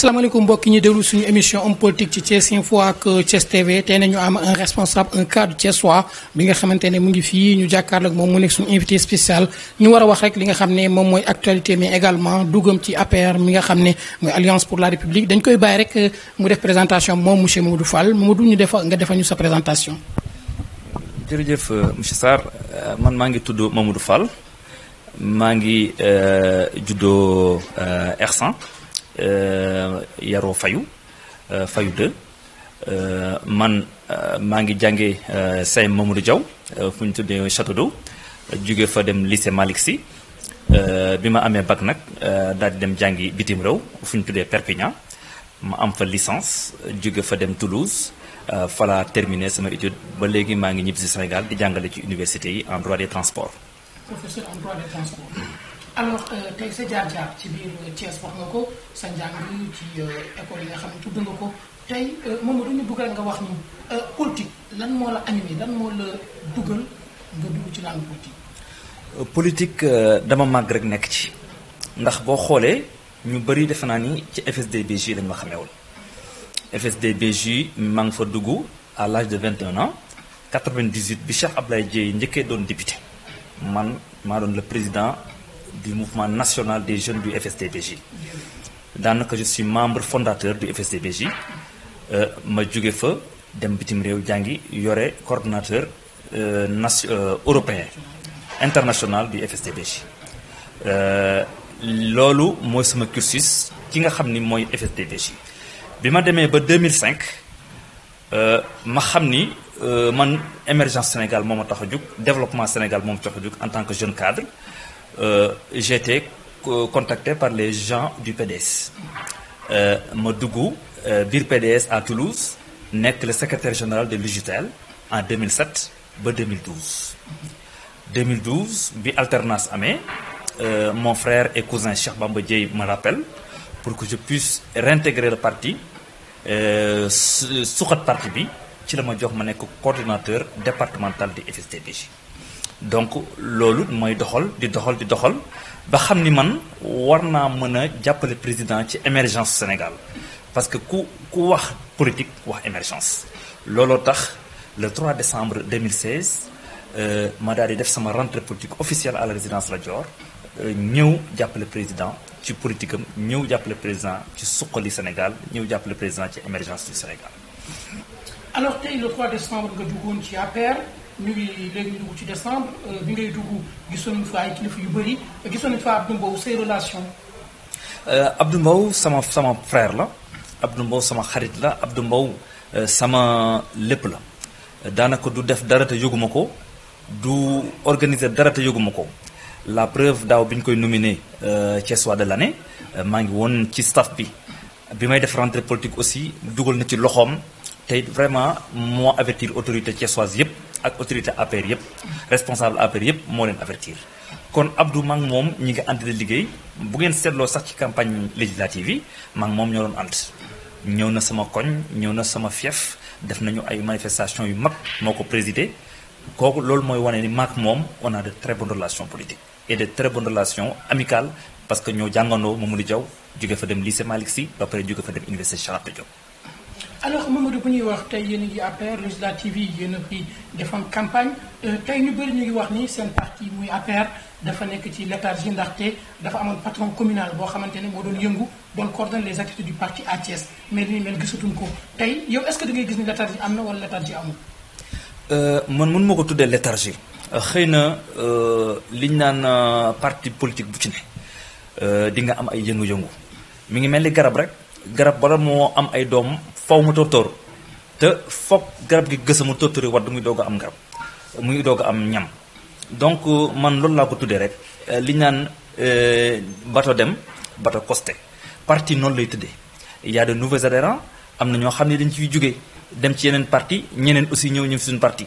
salaamaaleykum mbokk ñi déglu suñu émission homme politique ci Thiès Info ak Thiès TV tey nañu am un responsable un cadre thiessois bi nga xamante ne mu ngi fii ñu jàkkaarloog moom mu nekk suñu invité spécial ñu war a wax rek li nga xam ne moom mooy actualité mais également dugam ci APR mi nga xam ne mooy Alliance pour la République dañ koy bàyyi rek mu def présentation moom monsieur Mamadou Fall Mamadou ñu defa nga defa ñu sa présentation. jërëjëf euh, monsieur Sarr euh, man maa ngi tudd Mamadou Fall maa ngi euh, juddoo Ersan. Euh, yaroo fayu euh, fayu 2 euh, man maa ngi jànge CM Mamadou Diaw fu ñu tuddee Château d'Eau jóge fa dem lycée Malick Sy bi ma amee bac nag daal di dem jàngi bitim réew fu ñu tuddee Perpignan ma am fa licence jóge fa dem Toulouse fa laa terminé sama étude ba léegi maa ngi ñibbi si Sénégal di jàngale ci université yi en droit des transport alors euh, tey sa jaar-jaar ci biir euh, Thiès wax nga ko sa njàng ci euh, école yi nga xam ne tudd nga ko tey moom du ñu dugal nga wax ñu politique lan moo la animé lan moo la dugal nga dugg ci langue politique. politique dama màgg rek nekk ci ndax boo xoolee ñu bëri defe naa ni ci FSD/BJ lañ ma xameewul FSD/BJ maa ngi fa dugg à l'âge de 21 ans 98 bi Cheikh Abdoulaye Dièye njëkkee doon député man maa doon le président. du mouvement national des jeunes du FSDBJ. que je suis membre fondateur du FSDBJ euh, ma suis fa dem bitim euh, euh, européen international du FSDBJ. C'est ce sama cursus ki nga train de faire. FSDBJ bi ba 2005 ma xam ni man émergence Sénégal moo développement Sénégal en tant que jeune cadre euh, j'ai été contacté par les gens du PDS. Euh, Modougou, euh, PDS à Toulouse, que le secrétaire général de l'UGTEL en 2007 ba 2012. 2012 bi alternance à euh, mon frère et cousin Cheikh Bamba me rappelle pour que je puisse réintégrer le parti euh, suqat parti bi ci le ma jox coordinateur départemental de fsd donc loolu mooy doxal di doxal di doxal ba xam ni man war naa mën a jàppale président ci émergence Sénégal parce que ku ku wax politique wax émergence looloo tax le 3 décembre 2016 euh, ma daal di def sama rentrée politique officielle à la résidence La Dior euh, ñëw jàppale président ci politique am ñëw jàppale président ci suqali Sénégal ñëw jàppale président ci émergence du Sénégal alors tey le 3 décembre nga duggoon ci APR ñu ngi léegi dugg ci décembre euh, bi ngay dugg gisoon nañu fa ay kilifa yu bëri gisoon nañu fa Abdou Mbow say relation euh, Abdou Mbow sama sama frère la Abdou Mbow sama xarit la Abdou Mbow euh, sama lépp la daanaka du def dara te yëguma ko du organiser dara te yëguma ko la preuve daaw bi ñu koy nominé Thiès de l'année maa ngi woon ci staff bi bi may def rentrée politique aussi dugal na ci loxoom te vraiment moo avertir autorité thiessoise yépp ak autorité APR yëpp responsable APR yëpp moo leen avertir kon Abdou maa ngi moom ñi nga ànd di liggéey bu ngeen seetloo sax ci campagne législative yi maa ngi moom ñoo doon ànd ñëw na sama koñ ñëw na sama fief def nañu ay manifestation yu mag moo ko présider kooku loolu mooy wane ni maak moom on a de très bonnes relations politiques et de très bonnes relations amicales parce que ñoo jàngandoo Mamadou Diaw jóge fa dem lycée Malick Sy ba pare jóge fa dem université Cheikh Diop alors Mamadou bu ñuy wax tey yéen a ngi APR législative yi yéen a ngi defoon campagne euh, tey ñu bëri ñu ngi wax ni seen parti muy APR dafa nekk ci léthargie ndaxte dafa amoon patron communal boo xamante ne moo doon yëngu doon coordonner les activités du parti à Thiès mais li ñu mel gisatuñ ko tey yow est-ce que da ngay gis ni léthargie am na wala léthargie amul. Euh, man mun ma ko tuddee léthargie. Euh, xëy na liñ naan parti politique bu ci ne di nga am ay yëngu-yëngu mi ngi mel ni garab rek garab wala moo am ay doom. faw mu tóortóor te foog garab gi gësa mu tóortóori war du muy doog a am garab muy doog am ñam donc euh, man loolu laa ko tuddee rek euh, li naan euh, bato dem bato costé parti noonu lay tëddee y a de nouveaux adhérents am na ñoo xam ne dañ ciy jógee dem ci yeneen parti ñeneen aussi ñëw ñëw fi suñu parti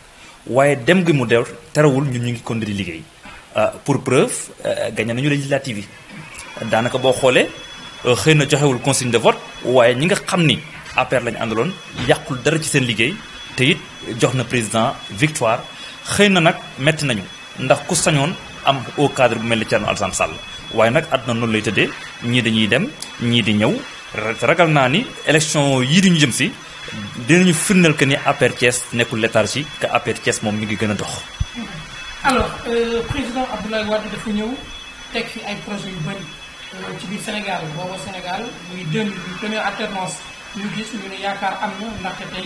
waaye dem gi mu dew terewul ñu ñu ngi continuer di liggéey euh, pour preuve euh, gagné nañu législative yi daanaka boo xoolee euh, xëy na joxewul consigne de vote waaye ñi nga xam ni APR lañu àndaloon yàqul dara ci seen liggéey te it jox na président victoire xëy na nag metti nañu ndax ku sañoon am au cadre bu mel ni Thierno Alassane Sall waaye nag àdduna noonu lay tëddee ñii dañuy dem ñii di ñëw ragal naa ni élection yii di jëm si. dinañu firndeel que ni que mi ngi alors euh, président Abdoulaye Wade dafa ñëw teg fi ay projets yu euh, ci Sénégal Sénégal muy première alternance ñu gis ñu na président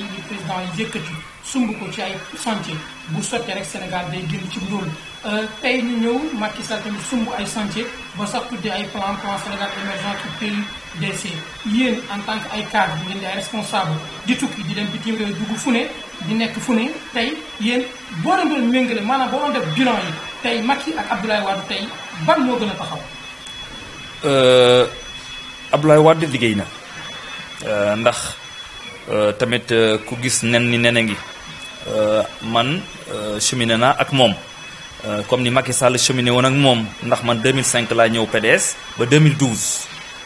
yi yëkkati ko ci ay bu Sénégal day génn ci euh, tey ñu ñëw Macky Sall tamit ay chantier ba sax ay plan plan Sénégal émergent DC yéen en tant que ay cadre ngeen di ay responsable di tukki di dem bitim réew dugg fu ne di nekk fu ne tey yéen boo doon doon méngale maanaam boo doon def bilan yi tey Macky ak Abdoulaye Wade tey ban moo gën a taxaw. Euh, Abdoulaye Wade liggéey na euh, ndax euh, tamit ku gis nen ni nene ngi man cheminé naa ak moom comme ni mag Macky Sall semine woon ak moom ndax man 2005 laa ñëw PDS ba 2012.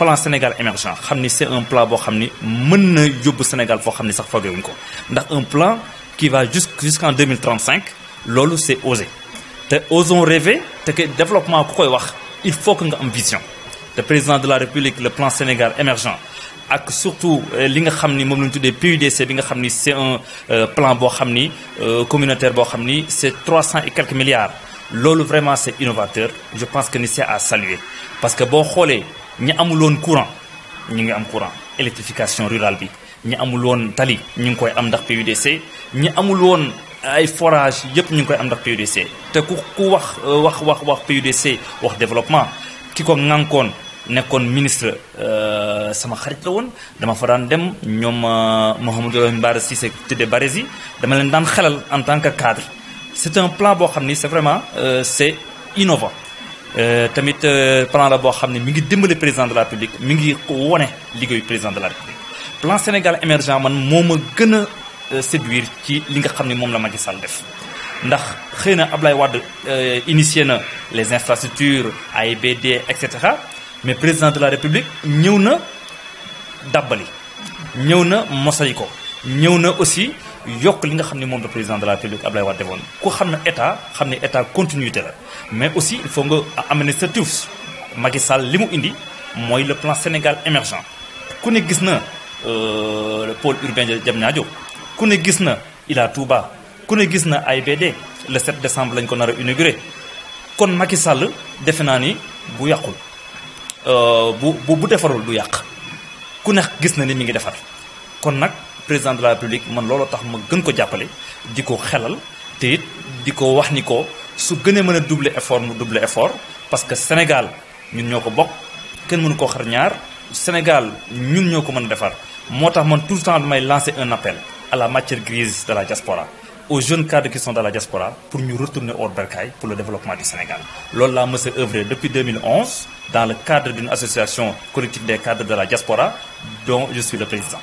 plan Sénégal émergent c'est un plan Sénégal un plan qui va jusqu'en 2035 c'est osé C'est osons rêver c'est que développement il faut qu'on ait une vision le président de la République le plan Sénégal émergent et surtout euh, li PUDC c'est un euh, plan bo euh, communautaire c'est 300 et quelques milliards L'OLU vraiment c'est innovateur je pense que ni c'est à saluer parce que boo xoolee ñi amuloon courant ñu ngi am courant électrification rurale bi ñi amuloon tali ñu ngi koy am PUDC nous amuloon ay forage yëpp ñu ngi koy am ndax PUDC te ku euh, wax wax wax wax wax développement ki ministre euh, sama la dem euh, dama en tant que cadre c'est un plan boo c'est vraiment c'est innovant euh, tamit euh, plan la boo xam ne mi ngi dimbale président de la république mi ngi wone liggéeyu président de la république plan Sénégal émergent man moo ma gën a euh, séduire ci li nga xam ne moom la Macky Sall def ndax xëy na Ablaye Wade initié na les infrastructures AIBD et cetera mais président de la république ñëw na d'abali, ñëw na mosay ko ñëw na aussi yokk li nga xam ne moom président de la République Ablaye Wade aussi, ku ne état xam ne état mais aussi il faut amener sa Macky indi le plan Sénégal émergent ku ne euh, le pôle urbain de ku ne Touba ku ne le 7 décembre lañ ko kon Macky Sall ni euh, bu bu bu du ku ne ni kon président de la république man looloo tax ma gën ko jappalé diko ko xelal te it di wax ni ko su gënee mëna doubler effort mu doubler effort parce que Sénégal ñun ñoko bok bokk kenn mënu ko xar ñaar Sénégal ñun ñoko mëna défar motax man tout le temps damay lancer un appel à la matière grise de la diaspora aux jeunes cadres qui sont dans la diaspora pour ñu retourner au bercail pour le développement du Sénégal Lors la mës a œuvré depuis 2011 dans le cadre d'une association collective des cadres de la diaspora dont je suis le président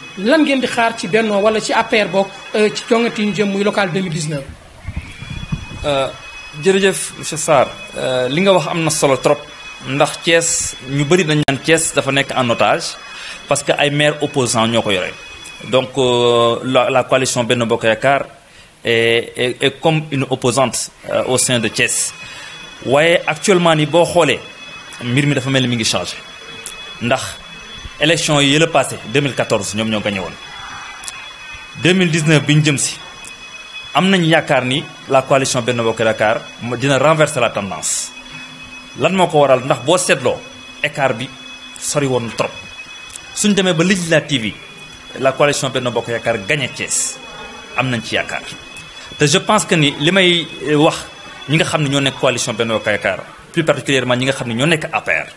lan ngeen di xaar ci Benno wala ci APR bokk euh, ci jongante ñu jëm muy local 2019. Euh, jërëjëf monsieur Sarr euh, li nga wax am na solo trop ndax Thiès ñu bëri dañ naan Thiès dafa nekk en otage parce que ay maire opposant ñoo ko yore donc la coalition Benno Bokk Yaakaar est est comme une opposante au sein de Thiès waaye actuellement ni boo xoolee mbir mi dafa mel ni mi ngi changé ndax élection yi le passé 2014 ñom ñoo gagné woon 2019 biñu jëm ci am nañu ni la coalition Benno Bokk dakar dina renverser la tendance lan moko waral ndax bo seetloo écart bi sori won trop suñ demee ba législative la coalition Benno Bokk yakar gagné ties am ci yakar te je pense que ni limay euh, wax ñi nga xamni ñoo coalition Benno Bokk Yaakaar plus particulièrement ñi nga xamni ne ñoo APR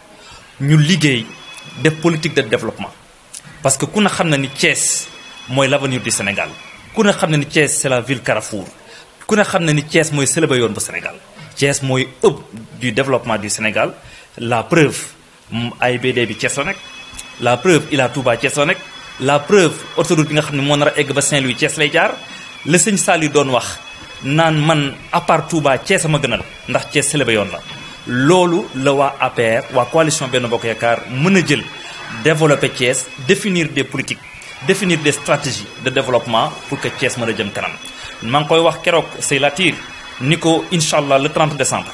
ñu liggéey def politique de développement parce que ku ne xam na ni Thiès mooy l'avenir du Sénégal ku ne xam na ni Thiès c'est la ville carrefour ku ne xam na ni Thiès mooy sëlëba yoon bu Sénégal Thiès mooy hub du développement du Sénégal la preuve mm, AIBD bi Thiès la la preuve Ila Touba Thiès la la preuve autoroute bi nga xam ne moo nar a egg ba Saint-Louis Thiès lay jaar le sëñ Saliou doon wax naan man à part Touba Thiès a ma gënal ndax Thiès sëlëba yoon la loolu la waa APR waa coalition Benno Bokk Yaakaar mën jël développer Thiès définir des politiques définir des stratégies de développement pour que Thiès mën a jëm kanam maa ngi koy wax keroog say latir ni ko incha le 30 décembre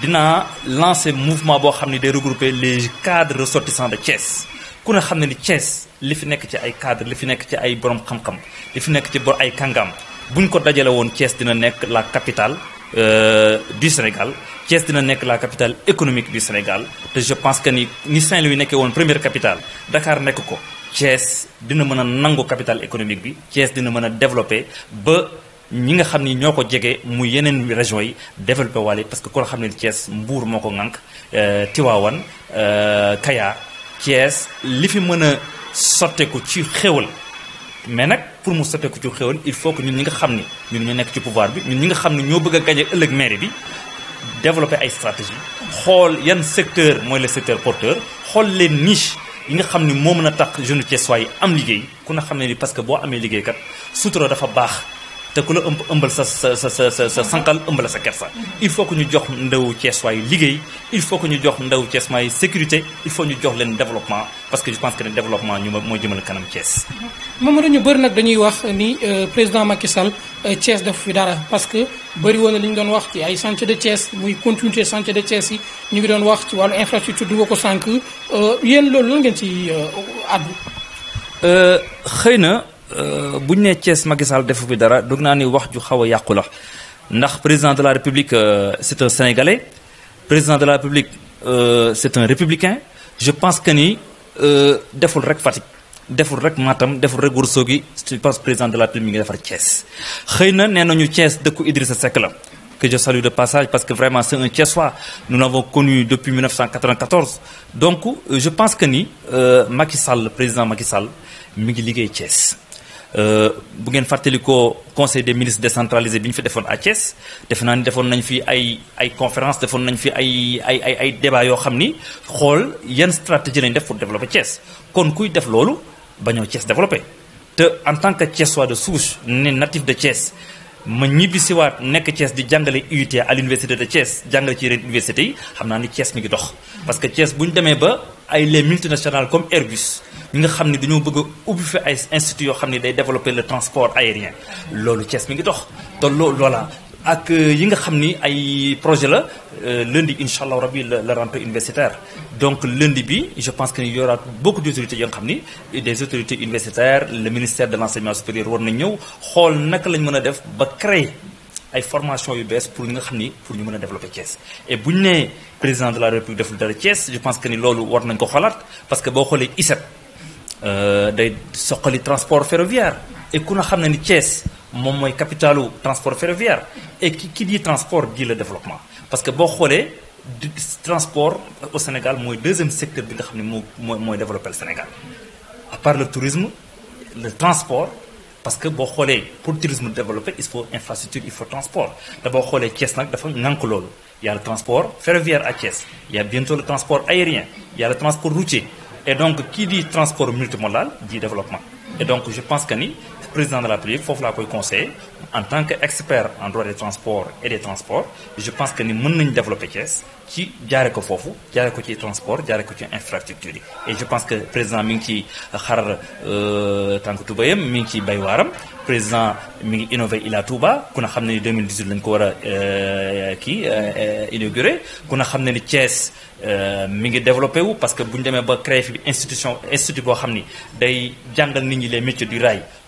dinaa lancer mouvement boo xam ne regrouper les cadres ressortissants de Thiès ku ne xam ne ni Thiès li fi nekk ci ay cadres li fi nekk ci ay borom xam-xam li fi nekk ci bor ay kàngam buñ ko dajale woon Thiès dina nekk la capitale Euh, du Sénégal Thiès dina nekk la capital économique du Sénégal te je pense que ni ngi Saint-Louis nekkee woon première capitale dakaar nekk ko Thiès dina mën a nangu capital économique bi Thiès dina mën a développé ba ñi nga xam ni ñoo ko jege mu yeneen régions yi développé waale parce que koo xam ne Thiès Mbour moo ko ŋànk euh, Tiwaawan euh, kaya Thiès li fi mën a sotteeku ci xéwal mais nag pour mu soppeeku ci xéwal il faut que ñun ñi nga xam ni ñun ñu nekk ci pouvoir bi ñun ñi nga xam ne ñoo bëgg a gañe ëllëg mairie bi développer ay stratégie xool yan secteur mooy le secteur porteur xool leen niche yi nga xam ni moo mën a tax jeune Thiessois yi am liggéey ku na xam ne ni parce que boo amee liggéeykat sutura dafa baax te ku la ëmb ëmbal sa sa sa sa sa sànqal ëmbal sa kersa. il faut que ñu jox ndaw way liggéey il faut que ñu jox ndaw may sécurité il faut ñu jox leen développement parce que je pense que le développement ñu moo jëmal kanam Cees. Mamadou ñu bëri nag dañuy wax ni euh, président Macky Sall Cees euh, def fi dara parce que bëri woon li ñu doon wax ci ay chantier de Cees muy continuité chantier de Cees yi ñu ngi doon wax ci wàllu infrastructure du ko sànq euh, yéen loolu lan ngeen ci àddu. xëy na. Euh, buñ ñu Thiès Macky Sall defu bi dara dog naa ni wax ju xaw a yàqu la ndax président de la république euh, c' est un sénégalais président de la république euh, c' est un républicain je pense que ni deful rek Fatick deful rek Matam deful rek Ourossogui je pense président de la république mi ngi defar Thiès xëy na nee nañu Thiès dëkku Idrissa Seck la. que je salue de passage parce que vraiment c'est un Thiessois. Nous l'avons connu depuis 1994. Donc, je pense que ni euh, Macky Sall, le président Macky Sall, Miguel Thiès. Euh, bu ngeen fàttalikoo conseil des ministres décentralisé bi ñu fi defoon à Thiès defe naa ni defoon nañ fi ay ay conférence defoon nañ fi ay ay ay ay débat yoo xam ni xool yan stratégie lañ def pour développer Thiès kon kuy def loolu bañoo Thiès développé te en tant que Thiessois de souche ne natif de Thiès ma ñibbisiwaat nekk Thiès di jàngale UIT à l'université de Thiès jàngale ci yeneen universités yi xam naa ni Thiès mi ngi dox parce que Thiès bu ñu demee ba ay les multinationales comme Airbus nous nga xam que nous bëgg a fi ay institut développer le transport aérien C'est Thiès mi ngi dox te loolu loola ak euh, yi nga xam ay projet euh, lundi Inch'Allah, rabi la la rentrée universitaire donc lundi bi je pense qu'il y aura beaucoup d'autorités yoo des autorités universitaires le ministère de l'enseignement supérieur qui vont ñëw xool lañ mën def ba créer ay formation yu pour ñi nga pour ñu développer Thiès et si ñu président de la république de dara Thiès je pense que ni ce war nañ ko parce que boo xoolee ISEP. Euh, day soqali transport ferroviaire et ku na xam ne ni Thiès moom capitalu transport ferroviaire et qui ki dit transport dit le développement parce que boo xoolee transport au Sénégal le deuxième secteur bi nga développé le Sénégal à part le tourisme le transport parce que boo xoolee pour tourisme développer il faut infrastructure il faut transport te boo xoolee Thiès nag dafa ŋànk il y a le transport ferroviaire à il y a bientôt le transport aérien il y a le transport routier et donc, qui dit transport multimodal dit développement. Et donc, je pense que président de la République vous laa koy conseil. en tant que en droit des transports et des transports je pense que ni pouvons nañu développer Thiès ci jaare ko foofu jaare ko ci transport jaare ko ci infrastructure et je pense que président mi qui ci xar euh, tànk tubayam mi ngi ci président mi ngi innové Ila qu'on a ramené xam 2018 lañ ko war a euh, kii euh, inauguré ku na Thiès développé wu parce que bu ñu ba créé une institution une institution qui ni day jàngal nit ñi les métiers du rail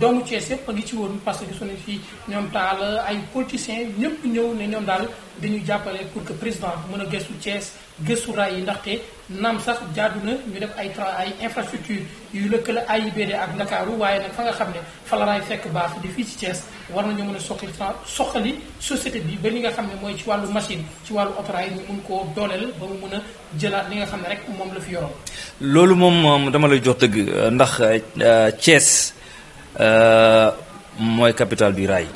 doomu Thiès yëpp a ngi ci woon parce que gisoon nañu fi ñoom taal ay politiciens ñëpp ñëw ne ñoom daal dañuy jàppale pour que président mën a gësu Thiès gëstu raay yi ndaxte naam sax jaadu na ñu def ay tra ay infrastructure yu lëkkale AIBD ak Ndakaaru waaye nag fa nga xam ne fa la raay fekk baax di fii ci Thiès war na nañu mën a soxali soxali société bi ba li nga xam ne mooy ci wàllu machine ci wàllu autorail ñu mun koo dooleel ba mu mën a jëlaat li nga xam ne rek moom la fi yoroon. loolu moom dama lay jox dëgg ndax euh, Thiès. Euh, Moi, Capital du rail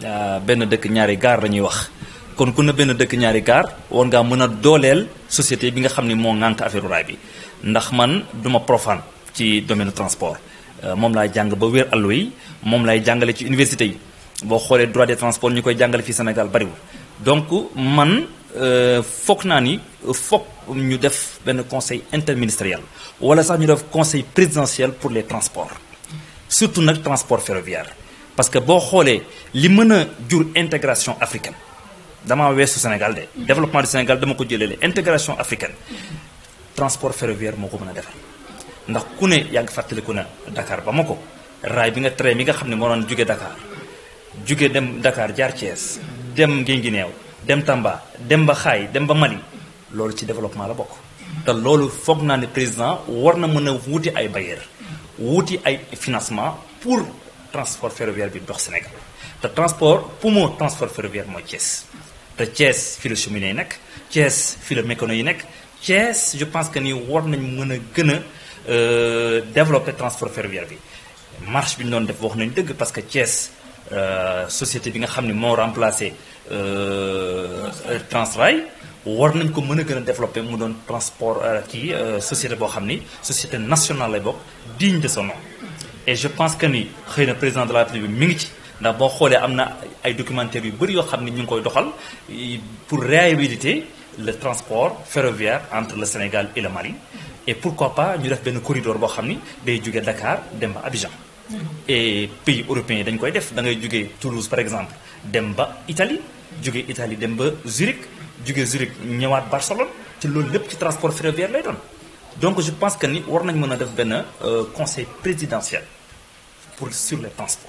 de euh, Kenya ñaari gar la wax kon ku ne qui deuk ñaari gar won nga société bi nga ne ngank affaire rail bi ndax man duma profane ci domaine transport euh, mom suis jàng ba allo yi université droit des transports fi donc man faut naa ni ñu def conseil interministériel ou sax conseil présidentiel pour les transports surtout nak transport ferroviaire parce que bo xolé li meuna a jur intégration africaine dama weesu Sénégal dé développement du Sénégal dama ko jëlee intégration africaine transport ferroviaire moko meuna mën ndax ku né yag ngi fàttaliku na Dakar Bamako ma bi nga train mi nga xamné mo non doon Dakar jóge dem Dakar jaar Thiès dem Guinguinéo dem Tamba dem ba dem ba Mali loolu ci développement la bok te loolu foog président war na mën a ay bailleur wuti ay financement pour transport ferroviaire bi dox Sénégal te transport poumon transport ferroviaire mooy Thiès te Thiès fi la cheminée yi nekk Thiès fi la mécano yi nekk Thiès je pense que ni war nañ mën a gën euh, développer transport ferroviaire bi marche bi ñu doon def wax nañ dëgg parce que Thiès euh, société bi nga xam ne moo remplacé euh, Transrail war nañ ko mën a gën a développé mu transport qui euh, euh, société boo xam société nationale lay bokk digne de son nom et je pense que ni xëy président de la République mi ngi ci ndax boo xoolee am na ay documentaires yu bëri yoo xam koy doxal euh, pour réhabiliter le transport ferroviaire entre le Sénégal et le Mali et pourquoi pas ñu def benn corridor boo xam ni day Dakar dem ba Abidjan et pays européens nous dañ koy def da ngay Toulouse par exemple dem ba Italie jóge Italie dem ba Zurich du Zurich ñëwaat Barcelone ci loolu lépp ci transport ferroviaire lay donc je pense que ni war un euh, conseil présidentiel pour sur les transports.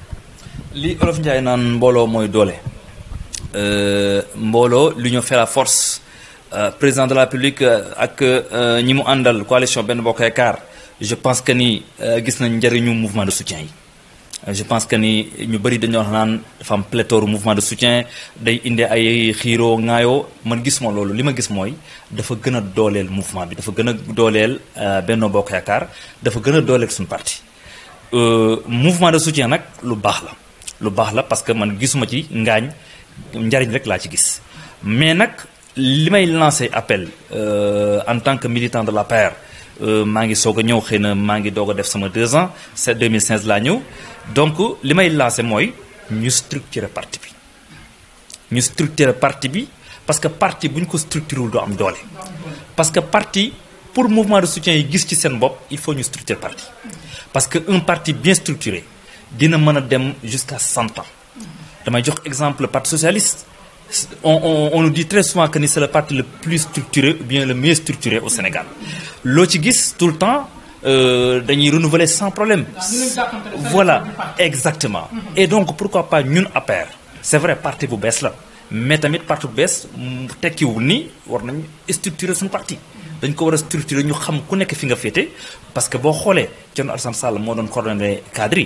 li olof Njaay naan mbooloo mooy doole euh, mbooloo l'union fait la force euh, président de la République euh, ak ñi mu àndal coalition ben Bokk car je pense que ni gis nañ jariñu mouvement de soutien yi je pense que ni ñu bari dañu wax naan dafa am pléthore mouvement de soutien day indi ay xiro ŋaayoo man gis ma loolu li ma gis mooy dafa gën a dooleel mouvement bi dafa gën a dooleel Benno Bokk Yaakaar dafa gën a dooleel suñu parti mouvement de soutien nag lu baax la lu baax parce que man gisuma ci ngaañ njariñ rek laa ci gis mais nag li may lancé appel euh, en tant que militant de la paire euh, maa ngi soog a ñëw xëy na def sama deux ans c'est 2015 laa ñëw donc li may lancé mooy ñu structuré parti bi ñu structuré parti bi parce que parti bu ñu ko structuré am parce que parti pour mouvement de soutien yi gis ci il faut ñu structurer parti parce qu'un parti bien structuré dina dem jusqu'à 100 ans damay jox exemple le parti socialiste on on on nous dit très souvent que c'est le parti le plus structuré ou bien le mieux structuré au Sénégal lo tout le temps euh, dañuy renouveler sans problème voilà exactement et donc pourquoi pas ñun APR c'est vrai parti bu baisse la mais tamit parti bu mm, tekki wu ni war nañ structurer son parti dañ ko war a structurer ñu xam ku nekk fi nga parce que boo xoolee Thierno Alassane Sall moo doon coordonné cadre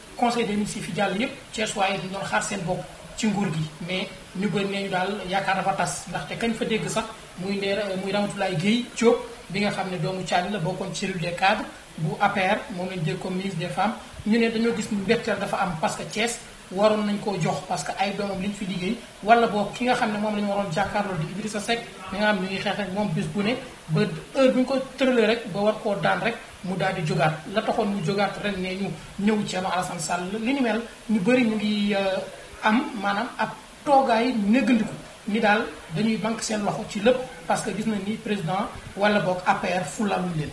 conseil des ministres yi fi jàll yëpp Thiès waaye ñu doon xaar seen bopp ci nguur gi mais ñu bëri nañu daal yaakaar dafa tas ndaxte kañ fa dégg sax muy ndee muy Ramatoulaye Guèye Diop bi nga xam ne doomu Thiali la bokkoon ci cellule des cadres bu APR moom lañ jël comme ministre des femmes ñu ne dañoo gis ni mbetteel dafa am parce que Thiès waron nañ ko jox parce que ay doomam liñ fi liggéey wala bo ki nga xamne mom lañ waron jakarlo di Idrissa Seck mi nga xam ñu ngi xex rek mom bis bu ne ba heure buñ ko teurele rek ba war ko daan rek mu daal di jogaat la taxoon mu jogaat ren ne ñu ñëw ci ama Alassane Sall li ni mel ñu bëri ñu ngi euh, am maanaam ab toogaay négandiku ni daal dañuy bank seen loxo ci lépp parce que gis na ni président wala boog APR fulalu leen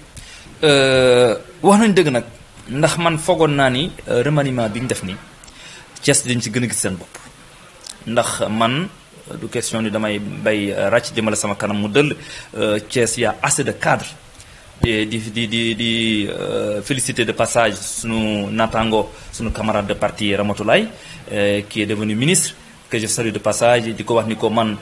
euh wax nañ dëgg nag ndax man fogoon naa ni euh, remaniement biñ def nii Thiès dañ ci gëna a gis seen bopp ndax man du question ni damay bay euh, ràcc jëmale sama kanam mu dëll euh, Thiès y a assez de cadres di di di di euh, félicité de passage sunu natango, sunu camarade de parti Ramatoulaye qui est devenu ministre que je salue de passage di ko wax ni ko man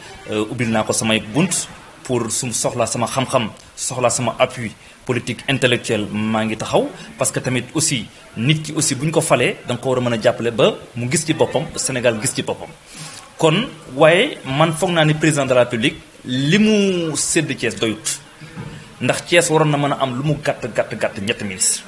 ubbil naa ko samay bunt pour su soxla sama xam-xam soxlaa sama appui politique intellectuel, maa ngi taxaw parce que tamit aussi nit ki aussi bu ñu ko falee danga ko war a mën a jàppale ba mu gis ci boppam Sénégal gis ci boppam kon waaye man foog naa ni président de la li mu sédd Thiès doyut ndax Thiès waroon na mën a am lu mu gàtt gàtt gàtt ñetti ministre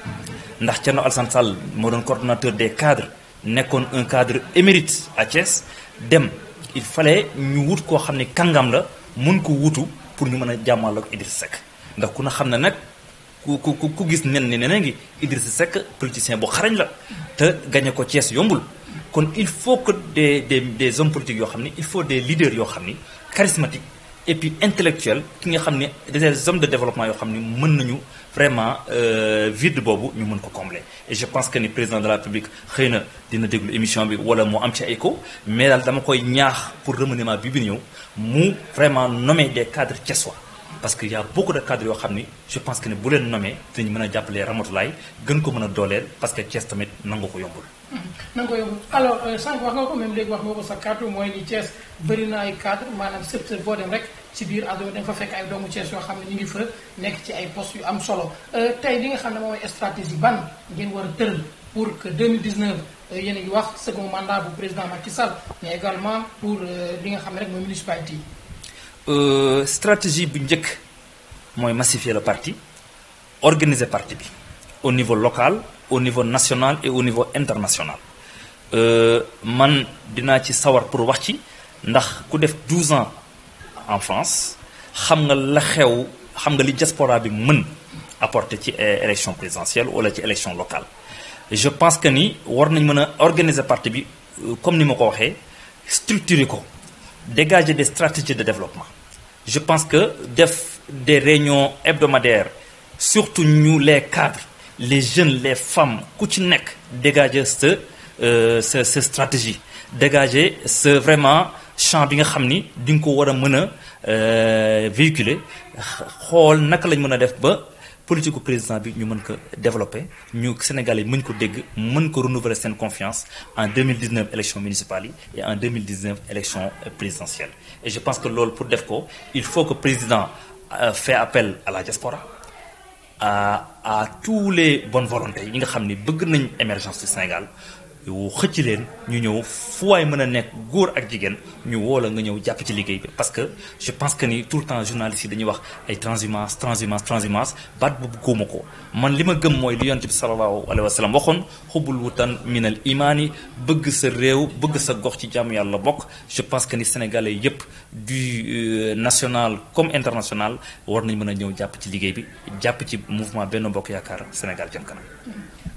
ndax Thierno Alassane Sall moo doon coordonnateur des cadres nekkoon un cadre émérite à Thiès dem il fallait ñu wut koo xam ne kàngam la mun ko wutu pour ñu mën a jàmmal ak Idriss Seck ndax ku na xam ne nag ku ku ku gis nen ne nee ngi Idrissa Seck politicien bu xarañ la te gagné ko Thiès yombul kon il faut que des des des hommes politiques yoo xam ne il faut des leaders yoo xam ni charismatique et puis intellectuel ki nga xam ne des hommes de développement yoo xam ne mën nañu vraiment euh, vide boobu ñu mën ko combler et je pense que ni président de la République xëy na dina déglu émission bi wala moo am ci ay ko mais daal dama koy ñaax pour remaniement bi bi ñëw mu vraiment nommer des cadres thiessois parce qu'il y' a beaucoup de cadres yo xamni je pense que ne bu leen nomee dinañ mën a jàppale Ramatoulaye gën ko mën a parce que Thiès tamit nangu ko yombul. Hmm. nangu ko yombul alors euh, sank wax nga ko même léegi wax moko sa carte moy ni Thiès bëri na ay cadre maanaam secteur boo dem rek ci biir ado da nga fa fekk ay doomu Thiès yo xamni ne ñu ngi fa nekk ci ay postes yu am solo euh, tay li nga xam moy stratégie ban ngeen war teul pour que 2019. Euh, yéen a ngi wax second mandat bu président Macky Sall mais également pour euh, li nga xam rek mooy municipalité euh, stratégie bu njëkk moy massifier le parti organiser parti au niveau local au niveau national et au niveau international euh, man dina ci sawar pour wax ci ndax ku def 12 ans en France xam nga la xew xam nga li diaspora bi mën apporter ci élection présidentielle wala ci élection locale je pense que ni war nañ mëna organiser parti bi euh, comme ni ma ko structurer ko dégager des stratégies de développement je pense que des réunions hebdomadaires surtout nous les cadres les jeunes les femmes ku ci dégager cette euh, stratégie dégager ce vraiment champ bi nga xamni ding euh, véhiculer politique président bi ñu mën ko développer ñu Sénégalais yi mën ko dégg renouveler confiance en 2019 élection municipale et en 2019 élection présidentielle et je pense que pour def ko il faut que le président euh, fait appel à la diaspora à à tous les bonnes volontés yi nga xam bëgg nañ émergence du Sénégal xëcc leen ñu ñëw fu waay mën a nekk góor ak jigéen ñu woo la nga ñëw jàpp ci liggéey bi parce que je pense que ni tout le temps journalistes yi dañuy wax ay transhumance transhumance transhumance baat bu góoma ko man li ma gëm mooy li yonent bi sallallahu alayhi wa sallam waxoon xubbul wutan minal imaani bëgg sa réew bëgg sa gox ci jàmm yàlla bokk je pense que ni sénégalais yépp du euh, national comme international war nañ mën a ñëw jàpp ci liggéey bi jàpp ci mouvement benn Bokk Yaakaar Sénégal jëm kanam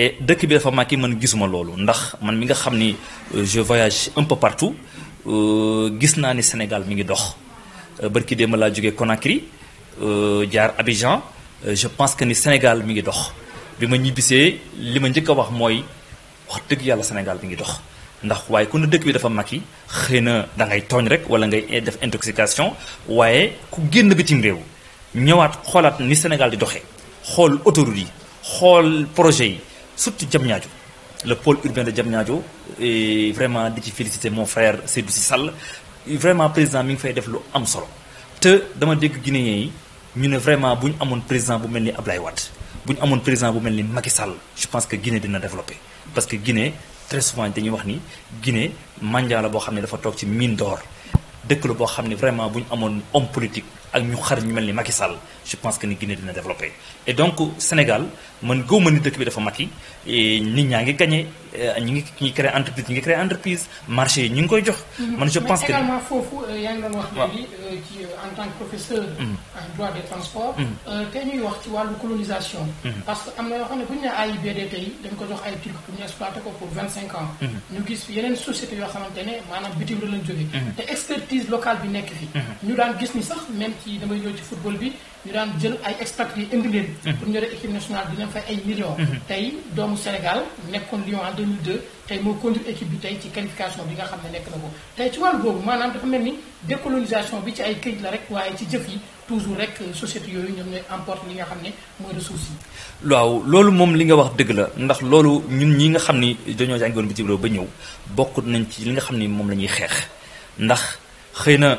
et dëkk bi dafa manqué man gisuma loolu ndax man mi nga xam ni euh, je voyage un peu partout euh, gis naa ni Sénégal mi ngi dox euh, barki dem laa jógee Conakry jaar Abidjan je pense que ni Sénégal mi ngi dox bi ma ñibbisee li ma njëkk a wax mooy wax dëgg yàlla Sénégal mi ngi dox ndax waaye ku ne dëkk bi dafa mag yi xëy na da ngay tooñ rek wala ngay def intoxication waaye ku génn bitim réew ñëwaat xoolaat ni Sénégal di doxee xool autoroute yi xool projet yi surtout Diamniadio le pôle urbain de Diamniadio et vraiment je ci féliciter mon frère c'est Sy sale. vraiment président mi ngi fay def lu am solo te dama que Guinéen yi ñu vraiment pas ñu président bu mel à Ablaye Wade bu ñu président bu mel ni Macky je pense que Guinée dina développer parce que Guinée très souvent dañuy wax ni Guinée mandat la boo xam ne dafa ci mine d'or dès que le xam vraiment bu ñu homme politique Al ñu xar ñu mel ni Macky je pense que ni Guinée dina développé et donc Sénégal man gëw ma ni dëkk bi dafa et ni ñaa ngi gagné. Euh, ñu ngi ñu créé entreprise ñu ngi créé entreprise marché yi ñu ngi koy jox. Mhm. man je pense que mais également foofu euh, yaa ngi doon wax léegi euh, ci en tant que professeur. Mhm. en droit des transports. Mhm. tey ñuy wax ci wàllu colonisation. parce que am na yoo xam ne bu ñu nee AIBD tey dañ ko jox ay Turc pour ñu exploité ko pour 25 ans. ñu gis yeneen société yoo xamante ne maanaam bitim la lañ jógee. te expertise locale bi nekk fi. ñu daan gis ni sax même ci damay ñëw ci football bi. ñu daan jël ay expat yi indi leen mhm. pour ñu équipe nationale di leen fay ay millions mhm. tey doomu Sénégal nekkoon Lyon en 2002 tey moo conduire équipe bi tey ci qualification bi nga xam ne nekk na ko tey ci wàllu boobu maanaam dafa mel ni décolonisation bi ci ay këyit la rek waaye ci jëf yi toujours rek société yooyu ñoom ñooy emporte li nga xam ne mooy ressources yi. waaw loolu moom li nga wax dëgg la ndax loolu ñun ñi nga xam ni dañoo jàngoon bitim réew ba ñëw bokk nañ ci li nga xam ni moom la ñuy xeex ndax xëy na.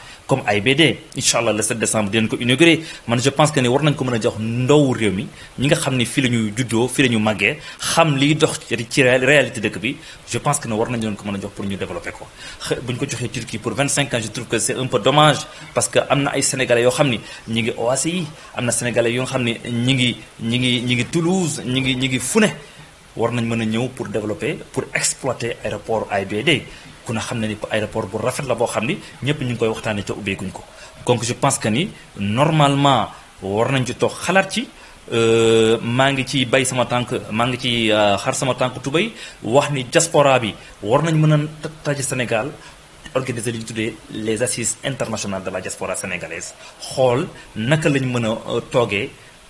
comme AIBD Inch'Allah, le 7 décembre dinañ ko inaugurer. man je pense que nous devons nous ko Nous a jox ndaw réew mi ñi nga xam ne fii Nous ñu juddoo fii la ñu xam dox ci réalité bi je pense que nous devons nous pour nous développer. ko bu ko Turquie pour 25 ans je trouve que c'est un peu dommage parce que Amna ay sénégalais qui sont en ñi ngi OACI am sénégalais qui sont en ñi Toulouse ñi ngi ñi ngi Fune war nous pour développer pour exploiter l'aéroport AIBD ku na xam ne ni aéroport bu rafet la boo xam ni ñëpp ñu ngi koy waxtaanee ca ubbeekuñ ko donc je pense que ni normalement war nañ ci toog xalaat ci euh, maa ngi ci bay sama tànk maa ngi ci euh, xar sama tànk tubéy wax ni diaspora bi war nañ mën a taje Sénégal organiser li ñu tuddee les assis internationales de la diaspora sénégalaise xool naka lañ mën a euh, toogee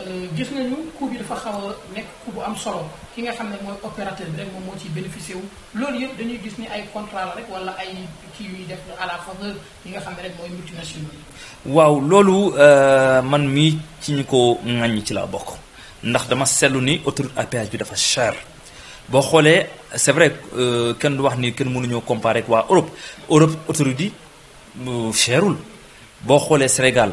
Euh, gis nañu coût bi dafa xaw nekk coût am solo ki nga xam ne mooy opérateur bi rek moom moo ciy bénéficié loolu yëpp dañuy gis ni ay contrat la rek wala ay kii yuy def à la faveur yi nga xam ne rek mooy multinationales waaw loolu euh, man mii ci ñu ko ŋaññi ci la bokk ndax dama seetlu ni autoroute à bi dafa cher boo xoolee c'est vrai euh, kenn du wax ni kenn mënuñoo comparer ak waa Europe Europe autoroute yi boo xoolee Sénégal.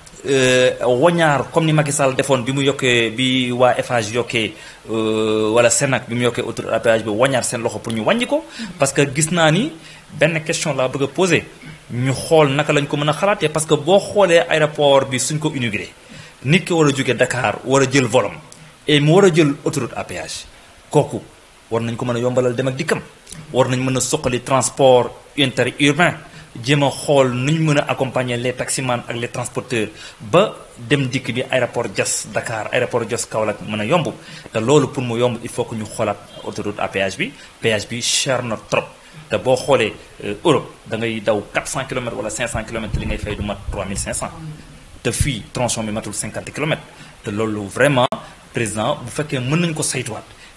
Euh, wañaar comme ni Macky Sall defoon bi mu yokkee bi waa Eiffage yokkee euh, wala Sénac bi mu yokkee autoroute à péage bi wañaar seen loxo pour ñu wàññi ko. parce que gis naa ni benn question laa bëgg a posé ñu xool naka lañ ko mën a xalaatee parce que boo xoolee aéroport bi suñ ko inauguré nit ki war a jóge Dakar war a jël volom et mu war a jël autoroute à kooku war nañ ko mën a yombalal dem ak dikkam war nañ mën a soqali transport interurbain. jéem xol nuñ mëna accompagner les taximan ak les transporteurs ba dem dik bi aéroport Diass Dakar aéroport Diass Kaolack mëna a yomb te lolu pour mu yomb il faut que ñu xolat autoroute à péage bi péage bi cher na trop te bo xolé euh, Europe da ngay daw 400 km wala 500 km, li ngay fay du mat 3500 te fii tronçon bi matul 50 km. te lolu vraiment président bu féké mën nañu ko saytuwaat.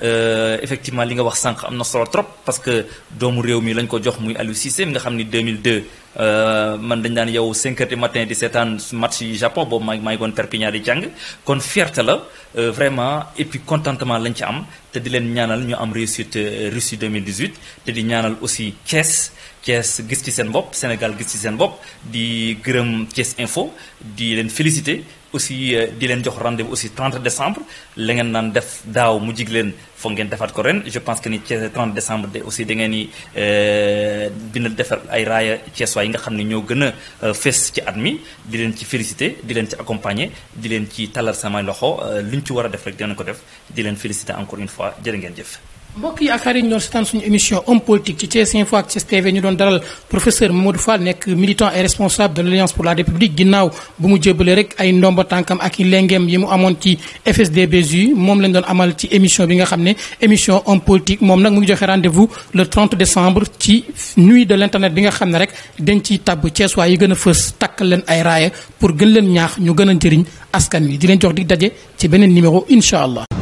Euh, effectivement li nga wax sank parce que lañ ko jox muy nga 2002 euh, man dañ yow 5 du matin di match au Japon Perpignan di kon euh, vraiment et puis contentement lañ am te di len ñaanal ñu am réussite 2018 te di ñaanal aussi Thiès Thiès gis ci sen bop Sénégal gis ci di gërëm Info di Len féliciter aussi euh, di len jox rendez-vous aussi 30 décembre la ngeen naan def daw mu jig len fo ngeen defat ko ren je pense que ni 30 décembre de aussi de ngeen ni euh, dina defal ay raaya Thiès waay yi nga xamni ne ñoo gën a euh, ci at di len ci féliciter di len ci accompagner di len ci talal sama loxo luñ ci wara def rek dinañ ko def di len féliciter encore une fois jërë ngeen jëf mbokk yi ak xarit ñoo seetaan suñu émission homme politique ci Thiès Info ak Thiès TV ñu doon dalal professeur Mamadou Fall nekk militant et responsable de l'Alliance pour la République ginnaaw bu mu jébale rek ay ndomba tànkam ak i lengeem yi mu amoon ci FSDBJ moom lañ doon amal ci émission bi nga xam ne émission homme politique moom nag mu ngi joxe rendez-vous le 30 décembre ci nuit de l'internet bi nga xam ne rek dañ ciy tàbb Thiès yi gën a fës leen ay raaya pour gën leen ñaax ñu gën a njëriñ askan wi di leen jox di daje ci beneen numéro incha allah